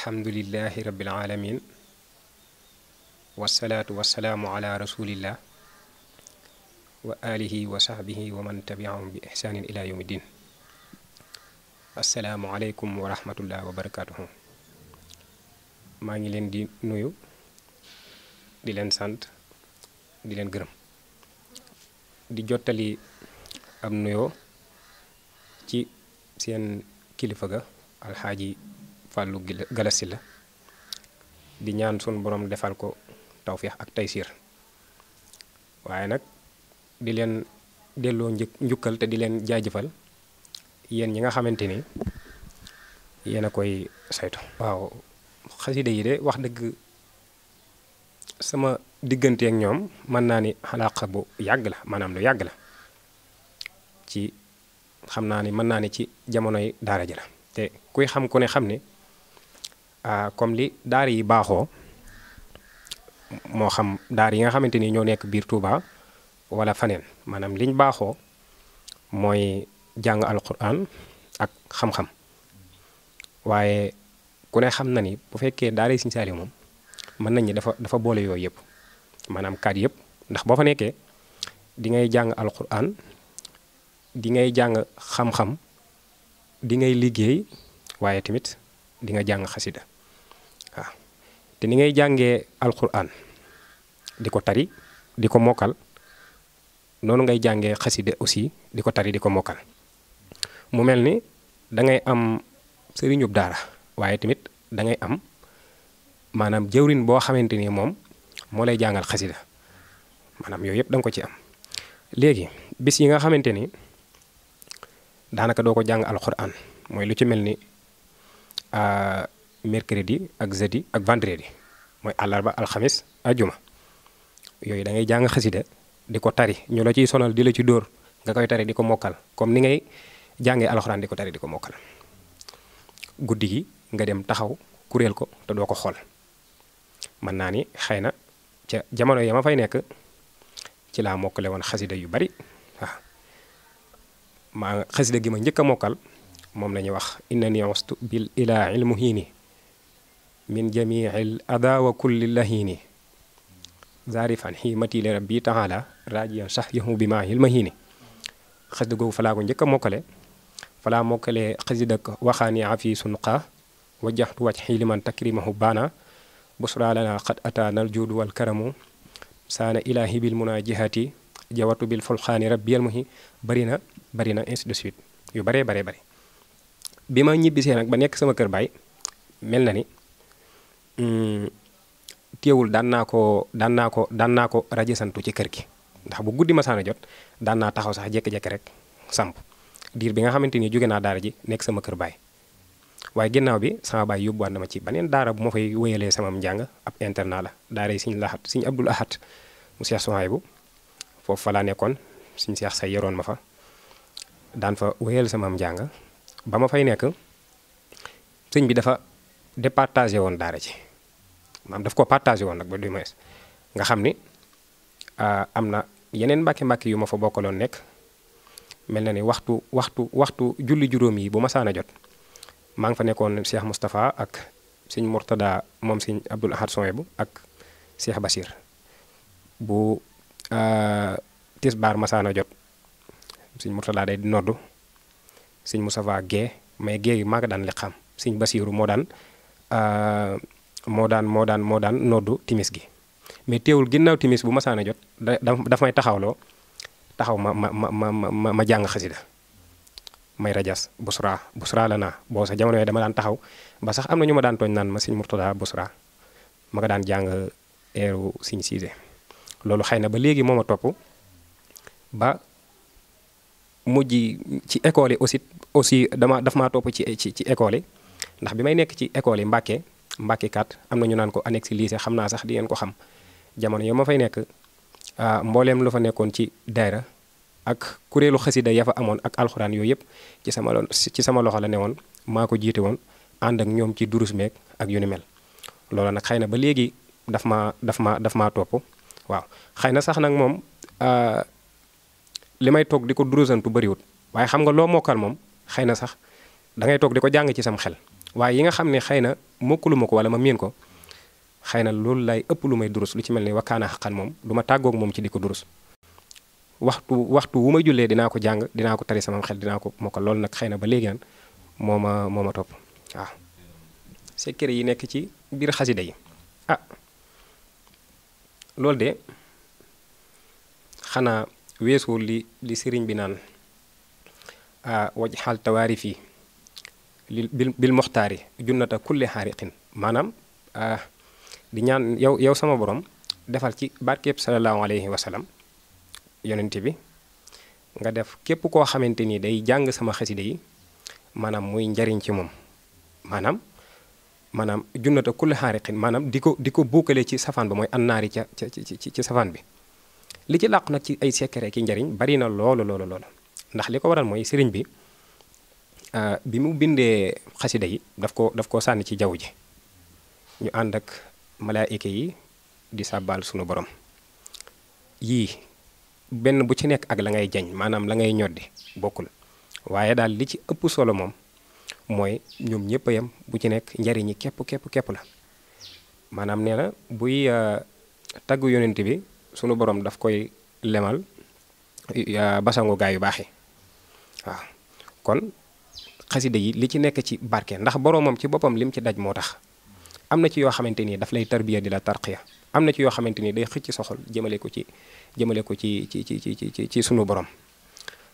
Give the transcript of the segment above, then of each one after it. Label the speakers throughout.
Speaker 1: alhamdulilahi rabil aalamiin wasalaatu wasalaamu ala rasulillah wa alihi wa sahbihi wa man tabiahum bi ihsaanin ila yawmi din asalaamu aleykum wa rahmatullah maa ngi leen di nuyu di leen sant di leen gërëm di jottali am nuyoo ci seen kilifa ga alxaaji Fallou Galass la di ñaan sun borom defal ko tawféex ak taysiir waaye nag di leen delloo njukkal te di leen jaajëfal yéen ñi nga xamante ni yéen a koy saytu. waaw xasida yi de wax dëgg sama diggante ak ñoom mën naa ni xalaaqa bu yàgg la maanaam lu yàgg la ci xam naa ni mën naa ni ci jamonoy daara ji la te kuy xam ku ne xam ni Ah, comme li daar yi baaxoo moo xam daar yi nga xamante ni ñoo nekk biir Touba wala faneen maanaam liñ baaxoo mooy jàng alquran ak xam-xam waaye ku ne xam na ni bu fekkee daara yi Sëriñ Saaliw moom mën nañ ñi dafa dafa boole yooyu yëpp maanaam kaat yëpp ndax boo fa nekkee di ngay jàng alquran di ngay jàng xam-xam di ngay liggéey waaye tamit di nga jàng xasida te ni ngay jàngee alquran di ko tari di ko mokkal noonu ngay jàngee xaside aussi di ko tari di ko mokkal mu mel ni dangay ngay am sëriñub daara waaye tamit dangay am maanaam jëwrin boo xamante ni moom moo lay jàngal xasida maanaam yooyu yëpp da ko ci am léegi bis yi nga xamante ni daanaka doo ko jàng alxuraan mooy lu ci mel ni ah, mercredi ak jeudi ak vendredi mooy àllarba alxamis ajuma yooyu da ngay jàng xasida di ko tari ñu la ciy sonal di la ci dóor nga koy tari di ko mokkal comme ni ngay jàngee alxuraan di ko tari di ko mokkal guddi gi nga dem taxaw kuréel ko te doo ko xool mën naa ni xëy na ca jamono ya ma fay nekk ci laa mokkale woon xasida yu bari waaw maa xasida gi ma njëkk a mokkal moom la ñuy wax inna ni wastu bil ilaa ilmuhiini min jamiil adaa wa kulli lahini zaarifan xiimati li rabbi taala raajiyan sax yahu bi maa xil ma hiini xasida googu falaa ko njëkk a mokkale falaa mokkale xasida ak waxaani afi sunqa wajjaxtu waj xiiliman takrimahu baana busra lana qad ataana aljuudu wal karamu saana ilaahi bil munaajihati jawatu bil fulxaani rabbiyal muhi bari na bari na ainsi de suite yu baree baree bari bi ma ñibbisee nag ba nekk sama kër baay mel na ni Mm, teewul daan naa ko daan naa ko daan naa ko rajo santu ci kër gi ndax bu guddi masaana jot daan naa taxaw sax jékki-jékki rek samp diir bi nga xamante ni jóge naa daara ji nekk sama kër baay waaye ginnaaw bi sama baay yóbbuwaat na ma ci baneen daara bu ma fay wéyalee samam njàng ab internat la daara yi siñ laxat siñ abdul ahat mu seex Suhaybu foofu nekkoon suñ seex say yoroon ma fa daan fa wéyal samam njàng ba ma fay nekk sëñ bi dafa départagé woon daara ji maam daf ko partagé woon nag ba du moins nga xam ni euh, am na yeneen mbàkki mbàkki yu ma fa bokkaloon nekk mel na ni waxtu waxtu waxtu julli juróom yi bu ma jot maa ngi fa nekkoon Cheikh Moustapha ak sëñ Mourtada moom sëñ Abdoul Ahad ak Cheikh Basir bu euh, tisbaar ma saan a jot sëñ Mourtada day noddu sëñ Moustapha gee mais gee yu maa ko daan li xam sëñ Basiru moo daan euh, moo daan moo daan moo daan noddu timis gi mais téewul ginnaaw timis bu masaana jot da daf may taxawloo taxaw ma ma ma ma ma jàng xasida may rajas busra busra la naa boo sax jamono yooyu dama daan taxaw ba sax am na ñu ma daan tooñ naan ma sëñ Murtada busra ma ko daan jàng eeru sëñ Siise loolu xëy na ba léegi moom a topp ba mujj ci école yi aussi aussi dama daf maa topp ci ci ci école yi ndax bi may nekk ci école yi Mbàkke Mbàkke 4 am na ñu naan ko annexe lycée xam naa sax di ngeen ko xam jamono yo ma fay nekk ah, mbooleem lu fa nekkoon ci daayra ak kuréelu xasida ya fa amoon ak alxuraan yooyu yëpp ci sama ci sama loxo la ne woon maa ko jiite woon ànd ak ñoom ci durus meeg ak yu ni mel loolu nag xëy na ba léegi daf maa daf maa daf maa topp waaw xëy na sax nag moom ah, li may toog di ko durusantu bëriwut waaye xam nga loo mokkal moom xëy na sax da ngay toog di ko jàng ci sam xel waaye yi nga xam ne xëy na mokkuluma ko wala ma miin ko xëy na loolu lay ëpp lu may durus lu ci mel ni wakkaana xaqan moom du ma tàggoog moom ci di ko durus waxtu waxtu wu may jullee dinaa ko jàng dinaa ko tari sama xel dinaa ko mokkal loolu nag xëy na ba léegi nag moo ma moo ma topp waaw secret yi nekk ci biir xasida yi ah loolu de xanaa weesuwul li li sëriñ bi naan ah, waj xaal tawaari fii bil yi junnata kulli xaariqin maanaam ah, di ñaan yow yow sama borom defal ci barkeb salallaahu alayhi wa sallam yonent bi nga def képp koo xamante ni day jàng sama xaside yi maanaam muy njariñ ci moom maanaam maanaam junnata kulli xaariqin maanaam di ko di ko buukale ci safaan ba mooy annaari ca ca ci safaan bi li ci làqu nag ci ay secret ki njariñ bari na loolu loolu loolu ndax li ko waral mooy sëriñ bi Euh, bi mu bindee xasida yi daf ko daf ko sànni ci jaww ji ñu ànd ak malaayika yi di sàbbaal sunu borom yii benn bu ci nekk ak la ngay jañ maanaam la ngay ñoddi bokkul waaye daal li ci ëpp solo moom mooy ñoom ñëpp yem bu ci nekk njariñi képp kepp képp la maanaam nee na buy euh, tagg yonent bi sunu borom daf koy lemal euh, basangu gaa yu baax yi waaw kon xasida yi li ci nekk ci barke ndax boroomam ci boppam lim ci daj moo tax am na ci yoo xamante ni daf lay tarbiya di la tarqiya am na ci yoo xamante ni day xëcc soxol jëmale ko ci jëmale ko ci ci ci ci ci ci sunu borom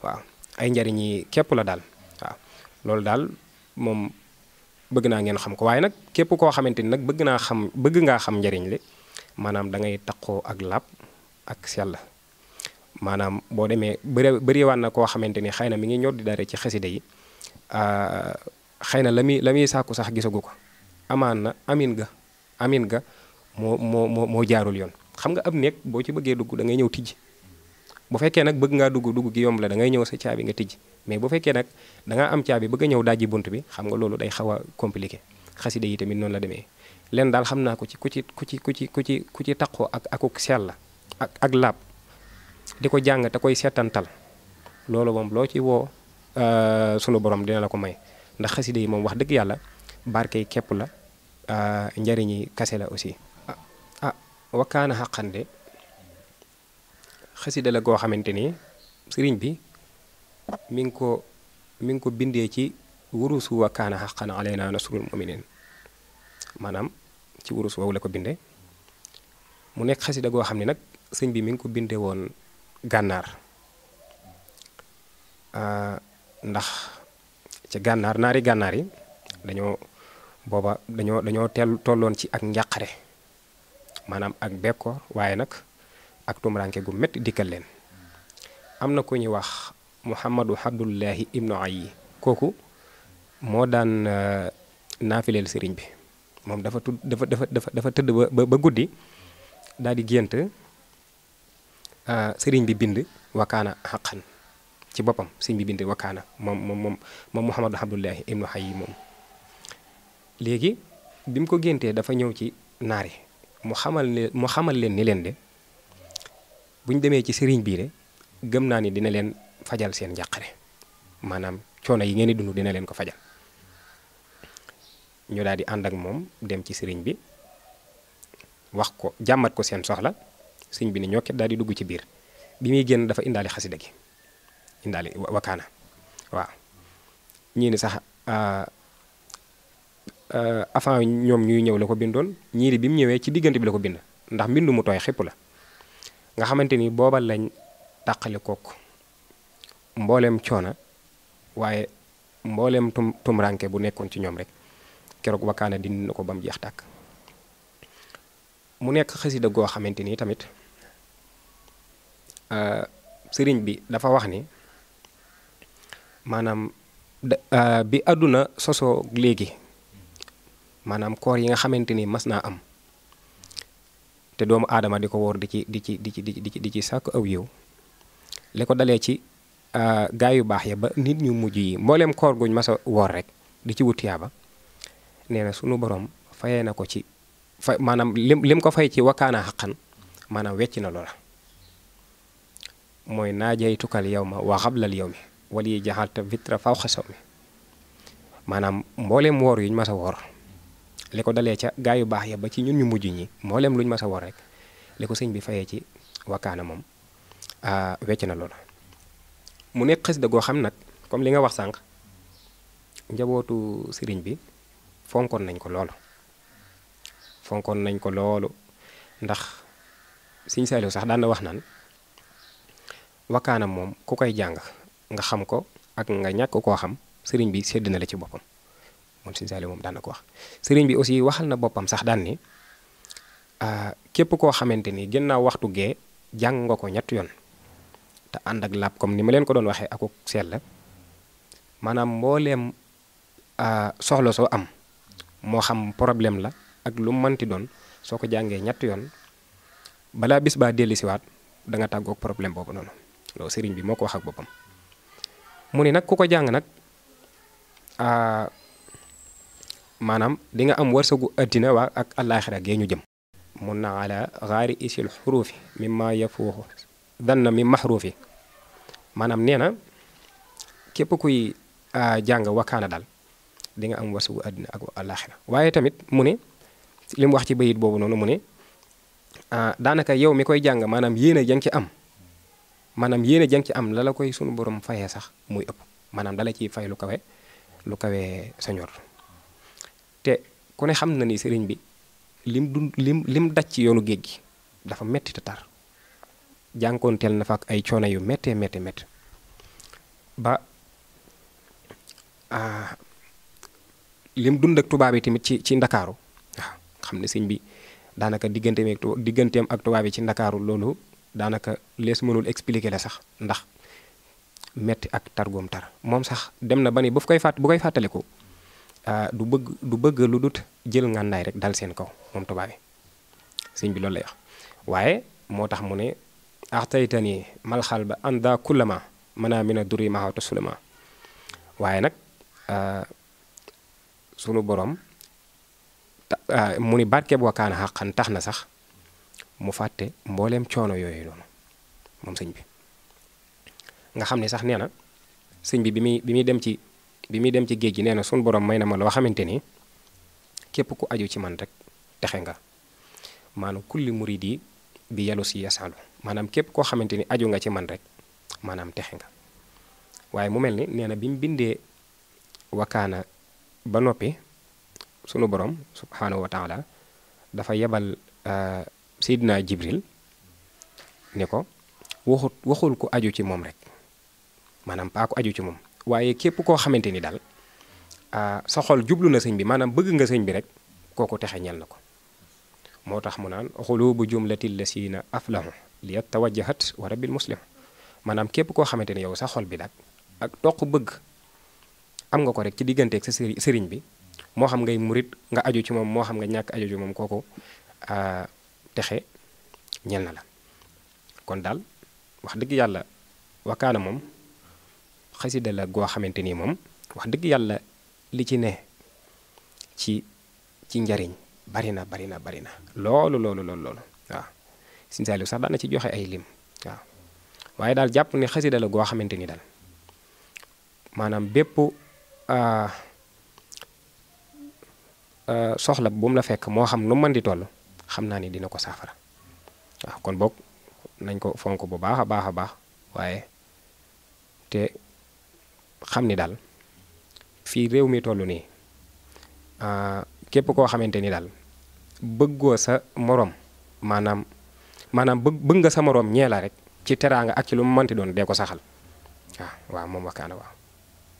Speaker 1: waaw ay njariñ yi képp la daal waaw loolu daal moom bëgg naa ngeen xam ko waaye nag képp koo xamante ni nag bëgg naa xam bëgg ngaa xam njariñ li maanaam da ngay taqoo ak làpp ak la maanaam boo demee bëri bëriwaan na koo xamante ni xëy na mi ngi ñor di dara ci xasida yi Euh, xëy na la muy la muy sàkku sax gisagu ko amaan na amin ga amin ga moo moo moo moo jaarul yoon xam nga ab néeg boo ci bëggee dugg da ngay ñëw tijji bu fekkee nag bëgg ngaa dugg dugg gi yomb la da ngay ñëw sa caabi nga tijji mais bu fekkee nag danga ngaa am caabi bëgg a ñëw dajji bunt bi xam nga loolu day xaw a compliqué xasida yi tamit noonu la demee leen daal xam naa ko ci ku ci ku ci ku ci ku ci ku ci taqoo ak akuk sell la ak ak laab di ko jàng te koy seetantal loolu moom loo ci woo Euh, sunu borom dina la ko may ndax xasida yi moom wax dëgg yàlla barke yi képp la euh, njariñi kase la aussi ah, ah wakkaana xaqan de xasida la goo xamante ni sëriñ bi mi ngi ko mi ngi ko bindee ci wurusu wakkaana xaqan alayna nasrul muminin maanaam ci wurus woowu la ko binde mu nekk xasida goo xam ne nag sëñ bi mi ngi ko binde woon gànnaar euh, ndax ci gànnaar naari gànnaar yi dañoo booba dañoo dañoo teel tolloon ci ak njàqare maanaam ak bekkoor waaye nag ak tumuraanke gu metti dikkal leen am na ku ñuy wax Muhammadu Abdullahi ibnu Ayyi kooku moo daan euh, naafileel sëriñ bi moom dafa tudd dafa dafa dafa tëdd ba guddi daal di gént euh, sëriñ bi bind wakaana xaqan ci boppam sëñ bi bind wakkaana moom moom moom moom Mouhamadou Abdullahi ibnu Hayy moom léegi bi mu ko géntee dafa ñëw ci naari mu xamal mu xamal leen ni leen de bu ñu demee ci sëriñ bii de gëm naa ni dina leen fajal seen njàqare maanaam coono yi ngeen di dund dina leen ko fajal ñu daal ànd ak moom dem ci sëriñ bi wax ko jàmmat ko seen soxla sëriñ bi ni ñokket daal di dugg ci biir bi muy génn dafa indaale xasida gi indaale wakaana waaw ñii ni sax ah, ah, avant ñoom ñuy ñëw la ko bindoon ñii bi mu ñëwee ci diggante bi la ko bind ndax mbindu mu tooy xépp la nga xamante ni booba lañ tàqale kooku mbooleem coona waaye mbooleem tum tumranke bu nekkoon ci ñoom rek keroog wakaana dindi na ko ba mu jeex tàkk mu nekk xasida goo xamante ni tamit ah, sëriñ bi dafa wax ni maanaam euh, bi àdduna sosoo léegi maanaam koor yi nga xamante ni mas naa am te doomu aadama di ko woor di ci di ci di ci di ci di ci sàkk aw yow li ko dalee ci euh, gaa yu baax ya ba nit ñu mujj yi mbooleem koor guñ mas woor rek di ci wut yaaba nee na sunu borom fayee na ko ci fa maanaam lim lim ko fay ci wakkaana xaqan maanaam wecci na loola mooy naajaytukal yow ma waa xablal yow mi wala yi jaxalta vitra faw xasaw mi maanaam mbooleem woor yuñ mas a woor li ko dalee ca gaa yu baax ya ba ci ñun ñu mujj ñi mbooleem luñ mas a woor rek li ko sëñ bi fayee ci wakkaana moom wecc na loolu mu nekk xasida xam nag comme li nga wax sànq njabootu sëriñ bi fonkoon nañ ko loolu fonkoon nañ ko loolu ndax sëñ Saaliw sax daan na wax naan wakkaanam moom ku koy jàng nga xam ko ak nga ñàkk koo xam sëriñ bi sédd na la ci boppam moom sëriñ Saliou moom daan na ko wax. sëriñ bi aussi waxal na boppam sax daan ni ah, képp koo xamante ni gannaaw waxtu gee jàng nga ko ñett yoon te ànd ak laab comme ni ma leen ko doon waxee akuk seel la maanaam mbooleem ah, soxla soo am moo xam problème la ak lu mënti doon soo ko jàngee ñett yoon balaa bis baa dellusiwaat da nga tàggoog problème boobu noonu loolu sëriñ bi moo ko wax ak boppam. mu ni nag ku ko jàng nag ah, maanaam di nga am warsagu addina wa ak àllaaxira gee ñu jëm mun na ala xaari isil xuruufi mi ma yafuuxu danna mi maxruufi maanaam nee na képp kuy ah, jàng wakkaana daal dinga nga am warsagu addina ak àllaaxira waaye tamit mu ne li mu wax ci bayit boobu noonu mu ne ah, daanaka yow mi koy jàng maanaam yéen a jang ci am maanaam yéene jang ci am la koy sunu borom fayee sax muy ëpp maanaam dala ciy fay lu kawe lu kawe sa ñor te ku ne xam na ni sëriñ bi lim dund lim lim daj ci yoonu géej gi dafa metti te tar jànkoonteel na fa ak ay coono yu méttee méttee métti ba ah, lim dund ak tubaab yi tamit ci ci ndakaaru waaw xam ne sëñ bi daanaka digganteem ak digganteem ak tubaab yi ci ndakaaru loolu daanaka lees mënul expliquer la sax ndax metti ak targoom tar moom sax dem na ba ni bu koy fàtt bu koy fàttaliku ah, du bëgg du bëgg lu dut jël ngàndaay rek dal seen kaw moom tubaab bi sëñ bi loolu lay wax waaye moo tax mu ne axtaytani malxal ba anda kullama mënaa ne duri maxawta sulama waaye nag ah, sunu borom ah, mu ni barke boo kaana tax na sax mu fàtte mbooleem coono yooyu noonu moom sëñ bi nga xam ne sax nee na sëñ bi bi muy bi muy dem ci bi muy dem ci géej gi nee na suñu borom may na ma loo xamante ni képp ku aju ci man rek texe nga maanaam kulli murid bi yalu si yasaalu maanaam képp koo xamante ni aju nga ci man rek maanaam texe nga waaye mu mel ni nee na bi mu bindee wakkaana ba noppi sunu boroom subhaanahu wa taala dafa yebal euh, Seydina Jibril ne ko waxut waxul ku aju ci moom rek maanaam paa aju ci moom waaye képp koo xamante ni daal sa xol jublu na sëñ bi maanaam bëgg nga sëñ bi rek kooku texe ñel na ko moo tax mu naan xulubu jumlati lasina aflahu li tawajjahat wa rabbil muslim maanaam képp koo xamante ne yow sa xol bi daal ak toq bëgg am nga ko rek ci digganteeg sa sëriñ bi moo xam ngay murit nga aju ci moom moo xam nga ñàkk aju ci moom kooku texe ñel na la kon daal wax dëgg yàlla wakaana moom xasida la goo xamante nii moom wax dëgg yàlla li ci ne ci ci njariñ bari na bari na bari na loolu loolu loolu loolu waaw Sëñ Saaliw sax daana ci joxe ay lim waaw waaye daal jàpp ne xasida la goo xamante ni daal maanaam bépp ah, ah, soxla bu la fekk moo xam nu mën di toll xam naa ni dina ko saafara waaw kon boog nañ ko fonk bu baax a baax a baax waaye te xam ni daal fii réew mi toll nii ah, képp koo xamante ni daal bëggoo sa moroom maanaam maanaam bëgg bëgg nga sa morom ñeela rek ci teraanga ak ci lu mu mënti doon dee ko saxal waaw waaw moom waxkaana waaw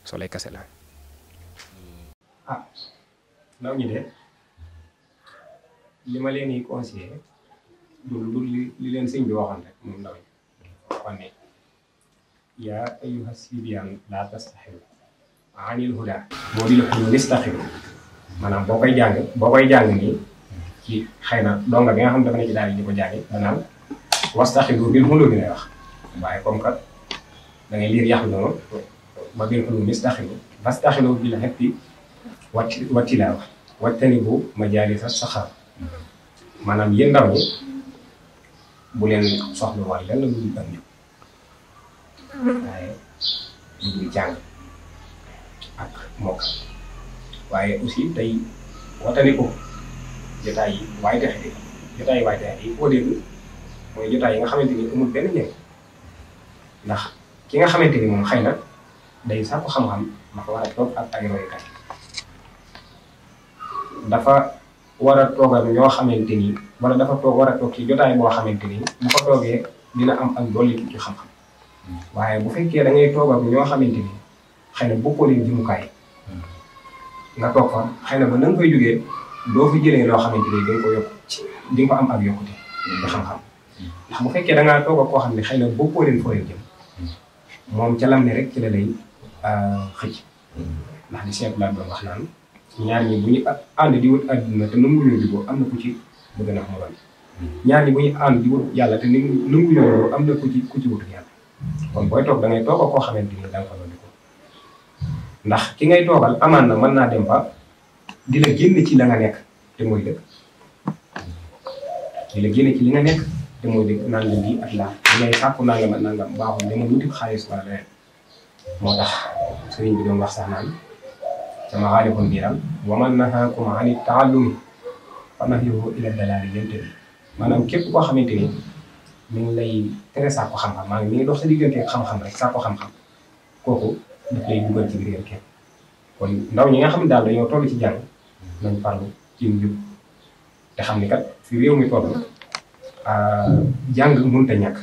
Speaker 1: soo lay kase laa ah, li ma leen di conseillé du li leen sëñ bi waxoon rek moom ndaw ñi waxoon ne yaa ayyuha sibiyaan laa tastaxilu anil huda boo di lu nistaxilu maanaam boo koy jàng boo koy jàng nii ci xëy na donga bi nga xam dafa ne ci daal di ko jàngi danaan wastaxilu bil xulóo bi lay wax waaye comme que da ngay liir yàq noonu xetti watti laa wattani bu ma jaali sa saxaar maanaam yéen ndaw ñi bu leen soxla lenn lu dul ak waaye lu jàng ak mokk waaye aussi tey watani ko jotaay yi waay yi waay dexe yi mooy jotaay yi nga xamante ni amul benn njëriñ ndax ki nga xamante ni moom xay na day sàkku xam-xam dafa war a toog ak ay roykat dafa war a toog ñoo xamante ni wala dafa toog war a toog ci jotaay boo xamante ni bu fa toogee dina am ak dolli ci xam-xam waaye bu fekkee da ngay ñoo xamante ni xëy na bokkoo jumukaay nga toog fa xëy na ba na koy jógee doo fi jëlee loo xamante ni dañ ko am ag yokkute ci xam-xam ndax bu fekkee da ngaa koo xam ne xëy na bokkoo leen foo leen jëm moom ca lam ne rek ci la lay ah, xëcc ndax di seetlu laa doon wax naan ñaar ñi bu ñu ànd di wut àdduna te nanguñu juboo am na ku ci bëgg na xamal ñaar ñi bu ñu ànd yàlla te nanguñu am na ku ci ku ci wut yàlla kon booy toog da ngay toog xamante ni da nga ko ndax ki ngay toogal amaan na mën naa dem ba di la génn ci la nga nekk te mooy dëkk di la génn ci li nga nekk te mooy dëkk nangam bii ak laa li ngay sàkku nangam ak nangam baaxul dama wuti xaalis wala leneen moo tax sëriñ bi doon wax sax ca maariful biiram wa man nahaakum ani taallumi fa nahyuhu ila dalaali yantahi maanaam képp koo xamante ni mi ngi lay tere saako xam-xam maanaam mi ngi dox sa diggante xam-xam rek saako xam-xam kooku daf lay dugal ci biir kon ndaw ñi nga xam ne daal dañoo toll ci jàng nañ farlu ci njub te xam ni kat fi réew mi toll ah, jàng mënut a ñàkk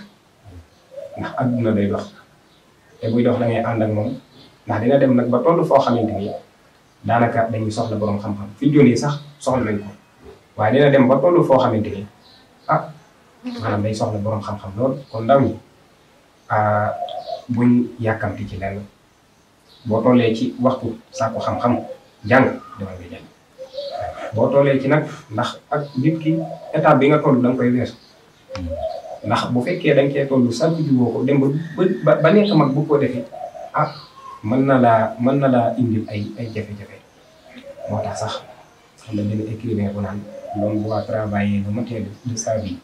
Speaker 1: ndax adduna day dox te buy dox da ngay ànd moom ndax dina dem nag ba toll foo xamante ni. daanaka dañuy soxla borom xam-xam fi ñu sax soxla nañ ko waaye dem ba tollu foo xamante ni ah maanaam day soxla borom xam lool kon ndaw ñi ah, buñ ci lenn boo tollee ci waxtu sàkku xam-xam jàng boo tollee ci nag ndax ak nit ki étape bi nga toll da koy weesu ndax bu fekkee da nga cee toll bi jiwoo ko dem ba ba nekk mag bu ko defee a ah, man na laa man na laa indi ay ay jafe-jafe moo tax sax xam na benn écrivain bu naan l'homme doit travailler le matin de sa sax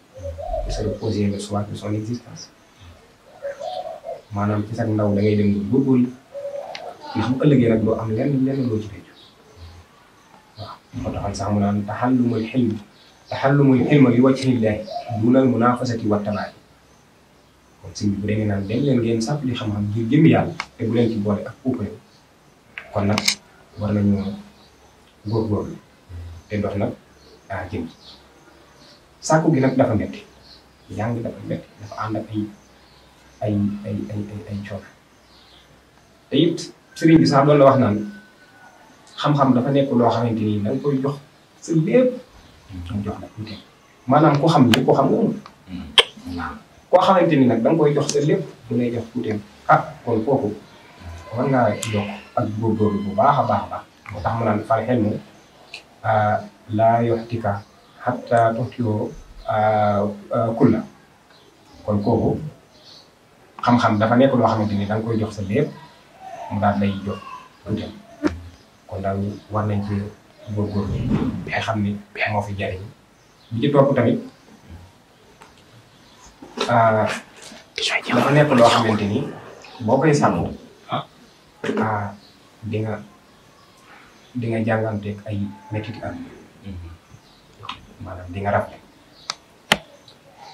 Speaker 1: ndaw da ngay nag doo am lenn lenn loo ci réccu waaw moo taxoon sax mu naan taxallumul xilm taxallumul xilma li wajhillahi dunal munafasati wa tabaay kon sëñ bi bu demee naan dem leen ngeen sàpp li xam-xam ngir jëm yàlla te bu leen boole ak upayo kon nag war nañu góorgóorlu te dox nag ah jëm sàkku gi nag dafa metti jàng dafa metti dafa ànd ay ay ay ay ay coono te it sëriñ bi sax doon la wax naan xam-xam dafa nekk loo xamante ni da nga koy jox sa lépp maanaam ku xam lépp ko xam koo xamante ni nag da koy jox sa lépp mu lay jox tuuteem ah kon kooku mën ngaa yokk ak góorgóorlu bu baax a baax baax moo tax mu naan fal xel mu ah, laa yoxtika xatta toxtiyoo ah, ah, kulla kon kooku xam-xam dafa nekk loo xamante ni da koy jox sa lépp mu daal lay jox tuuteem kon daal war nañ ci góorgóorlu bi nga xam ni moo fi jariñ bi ci topp tamit dafa nekk loo xamante ni boo koy sàmm. di nga di nga jànganteeg ay métit am maanaam di nga rafle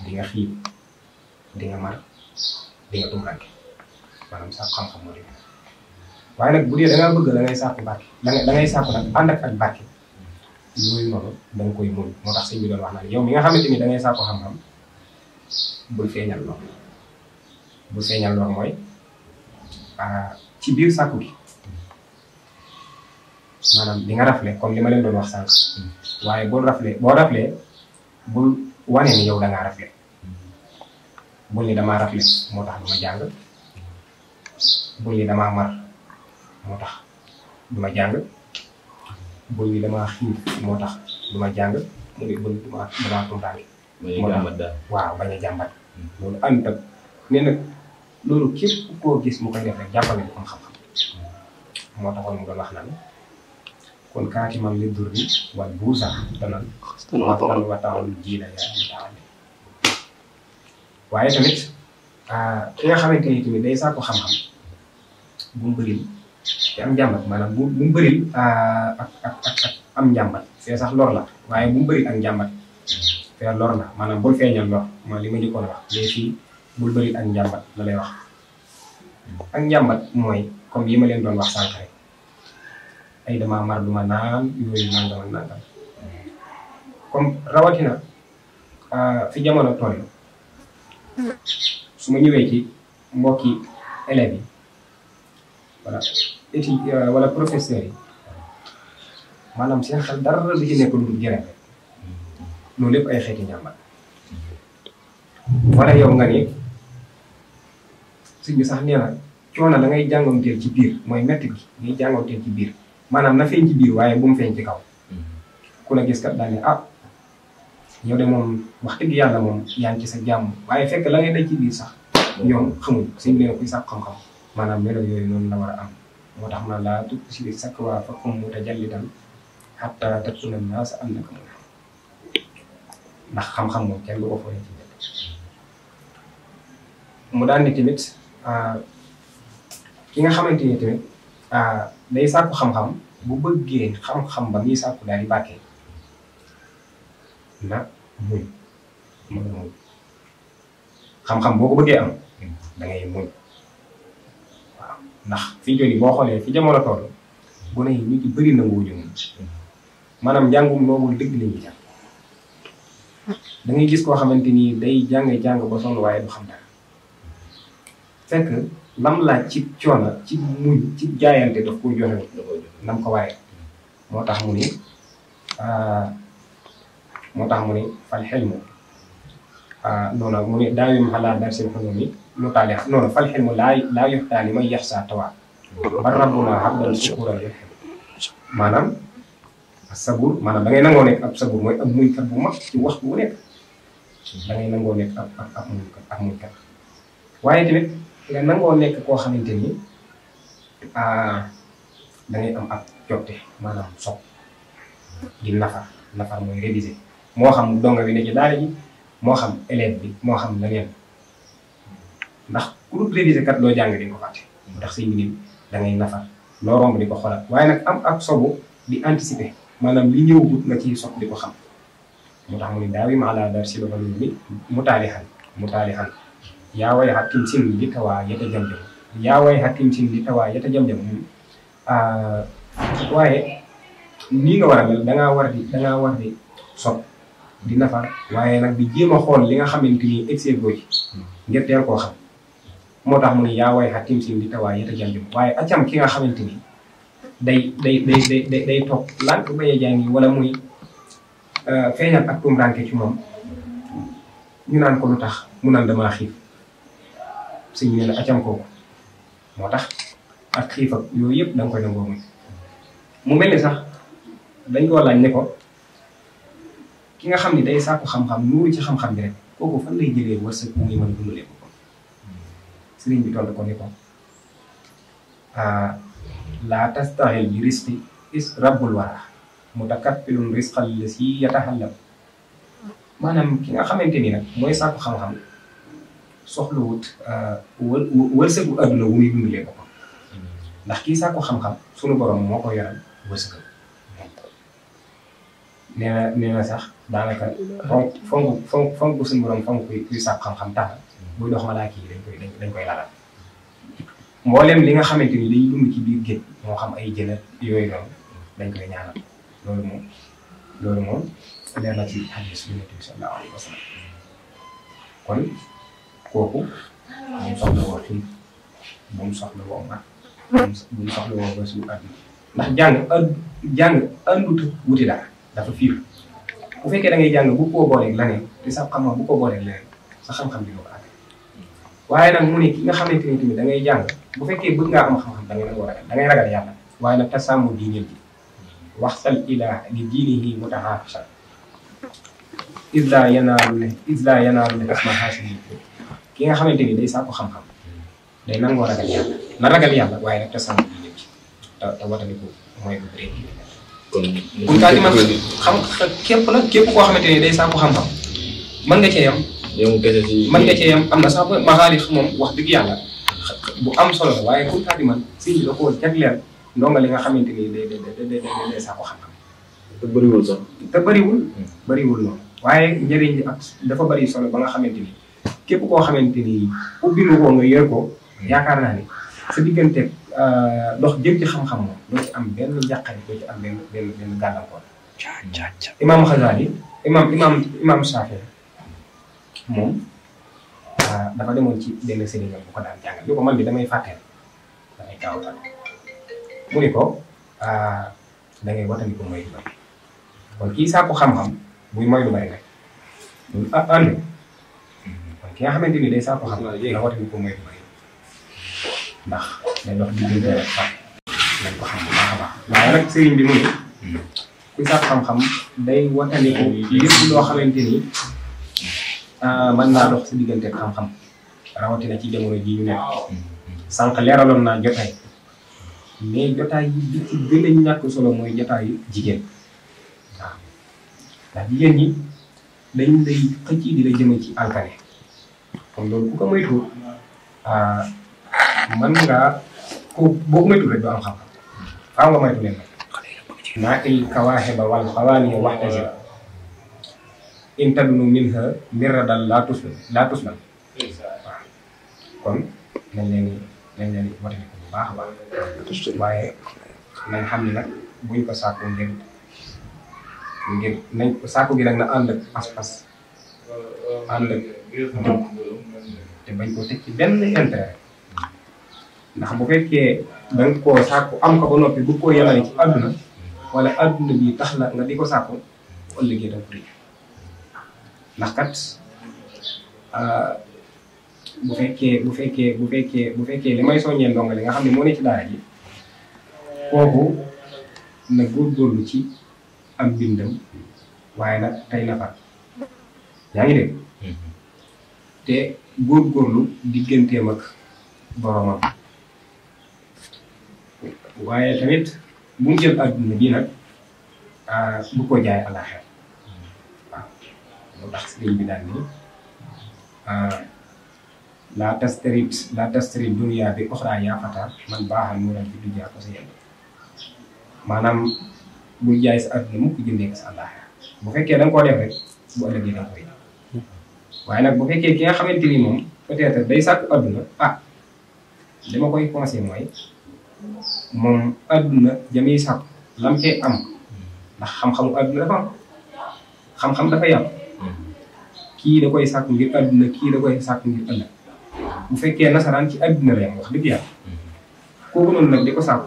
Speaker 1: di nga xiib di nga mar di nga tumranke maanaam sàkk xam-xam moo di waaye nag bu dee da bëgg da ngay sàkk barke da ngay da ngay ak ak barke koy mën moo tax sëñ bi doon wax naan mi nga xamante ni da ngay xam-xam. bul feeñal lor bul feeñal lor mooy ah, ci biir sàkku gi maanaam di nga rafle comme li ma leen doon wax sànq waaye bul rafle boo raflee bul wane ni yow da ngaa rafle bul ni damaa rafle moo tax ma jàng bul ni damaa mar moo tax du ma jàng bul ni damaa xiif moo tax duma ma jàng mu ne bul damaa damaa mooy jàmbat daal waaw bañ a jàmbat. Hmm. loolu ànd ak mais nag loolu képp koo gis mu koy def rek jàppale am xam-xam hmm. moo taxoon mu doon wax naan kon kaati man li dur bi waaye tamit ah, ki nga xamante ni tamit day sàkku xam-xam bu mu bëril am jàmbat maanaam bu bu mu ah, am njàmbat c'est sax lor la waaye bu mu ak njàmbat. te lor la maanaam bul feeñal lor mooy li ma jëkkoon wax mais fii bul bëri ak njàmbat la lay wax ak mooy comme yi ma leen doon wax sànq rek ay dama mar ma naan yooyu nangam nangam comme rawatina euh, fi jamono toll su ma ñëwee ci mbokki élèves yi voilà étude euh, wala professeurs yi maanaam seen xel dara du ci nekk lu loolu lépp ay xeeti njàmbat wala yow nga ni sëñ bi sax nee na coono la ngay jàngonteel ci biir mooy métti gi ngay jàngonteel ci biir maanaam na feeñ ci biir waaye bum mu feeñ ci kaw ku la gis kat daal ne ah yow de wax dëgg yàlla moom yaa ngi ci sa jàmm waaye fekk la ngay daj ci biir sax ñoom xamuñ sëñ bi ne kuy sàkk xam-xam maanaam melo yooyu noonu la war a am moo tax ma laa tukk si sakk waa fa xum mu te jallitan xatta tatuna naas am na ko ndax xam-xam moom kenn du ko fooyee ci ñëpp mu daal ni tamit ah, ki nga xamante ni tamit ah, day sàkku xam-xam bu bëggee xam-xam ba muy sàkku daal di bàkkee na muñ a muñ xam-xam boo ko bëggee am da ngay muñ ndax fi joni boo xoolee fi jamono toll gone yi ñu ci bëri na wuñu muñ maanaam njàngum dëgg lañuy jàng dangay gis koo xamante ni day jàng jàng ba sonn waaye du xam dara fekk lam laaj ci coono ci muñ ci jaayante daf ko joxe nam ko waaye moo tax mu ni ah, moo tax mu ni fal xelmu ah, noonu mu ni daawim xalaa dar seen xanu ni mu taale noonu fal xelmu laa laa yox may yax saa tawaa ba rabbuna xabdan sukuran maanaam sabur maanaam da ngay nangoo nekk ab sabur mooy ab muñkat bu mag bu nekk da ngay nangoo nekk ab ab ab muñkat waaye tamit nga nangoo nekk koo xamante ni da am ab jotte maanaam sob di nafar nafar mooy réviser moo xam donga bi ne ci daara ji moo xam élève bi moo xam leneen ndax ku dul réviser kat loo jàng di ko fàtte moo tax say nafar loo romb di ko xoolaat waaye nag am ab sobu di anticiper. maanaam li ñëwagut nga ciy soog di ko xam moo tax mu ne daawi maa laa yaa way xakkim sin li tawaa yeta jam jam yaa way tawaa yeta jam jam waaye nii nga war a mel dangaa war di dangaa di nafar waaye nag di jéem a xool li nga xamante ni exergo ci ngir teel koo xam moo tax mu ne yaa way xakkim sin li tawaa yeta jam jam waaye acam ki nga xamante ni day day day day day toog lànk bañ a jàngi wala muy euh, feeñal ak tuum rànke ñu naan ko lu tax mu naan damaa xiif sëñ bi ne la acam kooku moo tax ak xiifa ak yooyu yëpp da koy nangoo muy mu mel ni sax dañ koo laaj ne ko ki nga xam ni day sàkku xam-xam nuuru ci xam-xam bi rek kooku fan lay jëlee wërsëg bu muy mën a dundalee ko sëriñ bi tontu ko ko ah laa tastahil bi risqi is rabbul wara mutakaffilun risqal lasi yatahallam maanaam ki nga xamante ni nag mooy sàkku xam-xam soxlawut wër wërsëgu adduna wu muy dundalee boppam ndax kii sàkku xam-xam sunu boram moo ko yoral wërsëgal nee na nee na sax daanaka fonk fonk fonk fonk suñu borom fonk kuy kuy sàkku xam-xam tax buy dox malaaka yi dañ koy dañ koy lalal mbooleem li nga xamante ni dañuy dund ci biir géej moo xam ay jën yooyu noonu dañ koy ñaanal loolu moom loolu moom leer na soxla woo fii bu mu soxla woo ma bu ndax jàng jàng àndut wuti dara dafa fiir bu fekkee da ngay jàng bu ko booleeg leneen te sa xam-xam bu ko booleeg waaye nag mu ne ki nga xamante ni tamit da ngay jàng bu fekkee bëgg ngaa da ngay nag a da ngay ragal yàlla waaye nag tasaamu diineel ji waxsal ilaa li ki nga xamante ni day sàkku xam-xam day nangoo ragal yàlla waaye nag tasaamu diineel ji te te wataliku mooy bu bëree kon kaa di képp la xamante ni day sàkku xam-xam mën nga cee yow kese si. cee am na sax ba maxaarif moom wax dëgg yàlla bu am solo la waaye comme man si bi da koo jagleel ndongo li nga xamante ni day day day te bëriwul sax. te bëriwul. Hmm. bëriwul noonu waaye njëriñ bi ak dafa bëri solo ba nga xamante ni koo xamante ni ubbi nga ko ko hmm. yaakaar naa ni sa digganteeg euh, dox jëm ci xam-xam moom doo ci am benn njàqare doo ci am benn benn benn gàllankoor. caa caa caa moom ah, dafa demoon ci benn sénégal bu ko daan jàngal li ko man bi damay fàtteel damay gaaw a mu ne ko ah, da ngay watandi ko mooy lu bari kon kii saako xam-xam buy mooy lu bari rek loolu ah ànd ah, kon ki nga xamante ni day saako xam la watandi ko mooy lu bari ndax day dox diggante rek sax nañ ko xam bu baax a baax waaye nag sëriñ bi mu ne kuy saako xam-xam day watandi ko lépp loo xamante ni Ah, mën naa dox si diggante ak xam-xam rawatina ci jamono ji ñu nekk sànq leeraloon naa jotaay mais jotaay yi bi ci gën a ñàkk solo mooy jotaayu jigéen waaw ndax jigéen ñi dañ lay xëcc di la ci alkane kon loolu ku ko moytu ah, mën ngaa ku boo ko moytu xam-xam faaw nga moytu leen nag naa koy kawaaxe ba wal xawaani waxtasi in tadunu minha mirradan laa tusla laa tusla waaw kon nañ leen di nañ leen di wote ko bu baax nañ saako ngir nañ saako gi nag na ànd ak pas-pas ànd ak te bañ koo teg ci benn intérêt ndax bu fekkee da nga koo saako am ko ba noppi bu ko yemale ci àdduna wala àdduna bi tax la nga di ko saako ëllëgee da nga ndax kat euh, bu fekkee bu fekkee bu fekkee bu fekkee li may soññee ndongo li nga xam ne moo ne ci daara ji kooku na góorgóorlu ci am waaye nag tey na yaa ngi dégg mm-hmm. te góorgóorlu digganteem ak boromam waaye tamit mu jël adduna bii nag bu euh, ko jaay moo bi daal ni euh, la tastarit la tastarit dunia bi oxraa yaa fata man baaxal nuural fi dunia ko sa yàlla maanaam bul jaay sa àdduna mukk jëndee ko sa àllaaxira bu fekkee da ko koo def rek bu ëllëgee da nga koy waaye nag bu fekkee ki nga xamante ni moom peut-être day sàkku àdduna ah dama koy conseil mooy moom àdduna jamiy sàkku lam cee am ndax xam-xamu àdduna dafa am xam-xam dafa yàqu kii da koy sàkk ngir àdduna kii da koy sàkk ngir ëllëg bu fekkee nasaraan ci àdduna la yam wax dëgg yàlla kooku noonu nag di ko sàkk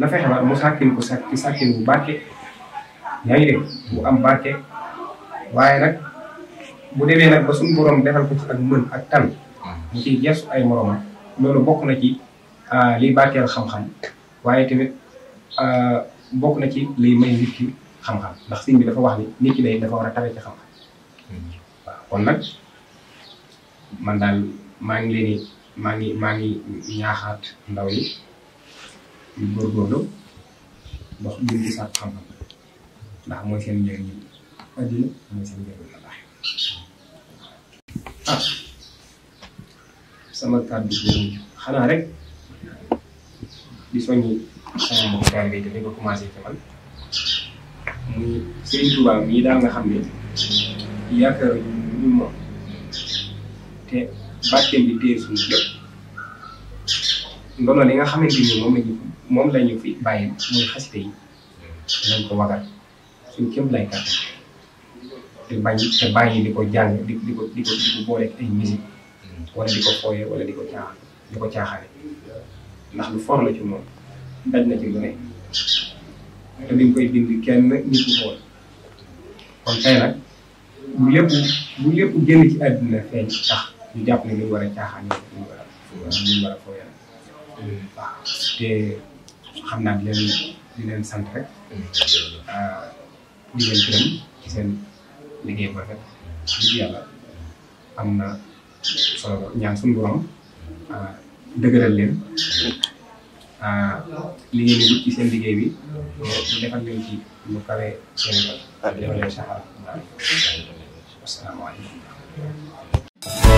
Speaker 1: na fexe ba mu sàkkin ko sàkki sàkkin bu barke yaa bu am barke waaye nag bu demee nag ba suñu borom defal ko ci ak mën ak tan mu ciy gestu ay moroomam loolu bokk na ci liy barkeel xam-xam waaye tamit bokk na ci li may nit ki xam-xam ndax sëñ bi dafa wax ni nit ki day dafa war a tawe ci xam-xam kon nag man daal maa ngi leen maa ngi maa ngi ñaaxaat ndaw yi ñu góorgóorlu dox jëm ci sàkku xam-xam ndax mooy seen njëriñ addina mooy seen ah sama kàddu gi xanaa rek di soññi sama mbokk daal bi dañu daal nga xam ne yaakaar lu dul moom te barkeem suñu lépp ndono li nga xamante ni moom la moom la ñu fi bàyyi mooy xasite yi dinañ ko wagal suñ kéem lay kàttan te bàyyi di ko jàng di di ko di ko di ko boole ay musique wala di ko fooyee wala di ko caax di ko caaxaane ndax lu for la ci moom daj na ci ne te bi koy bind kenn nit ku xool kon tey nag. bu lépp bu lépp génn ci feeñ tax ñu jàpp ne luñ war a caaxaane luñ war war a fooyal waaw te xam naa di leen di leen sant rek di liggéey bu rafet na solo ñaan suñu borom ah, dëgëral li ngeen di ci seen liggéey bi ñu defal leen ci lu kawe seen bopp. defal leen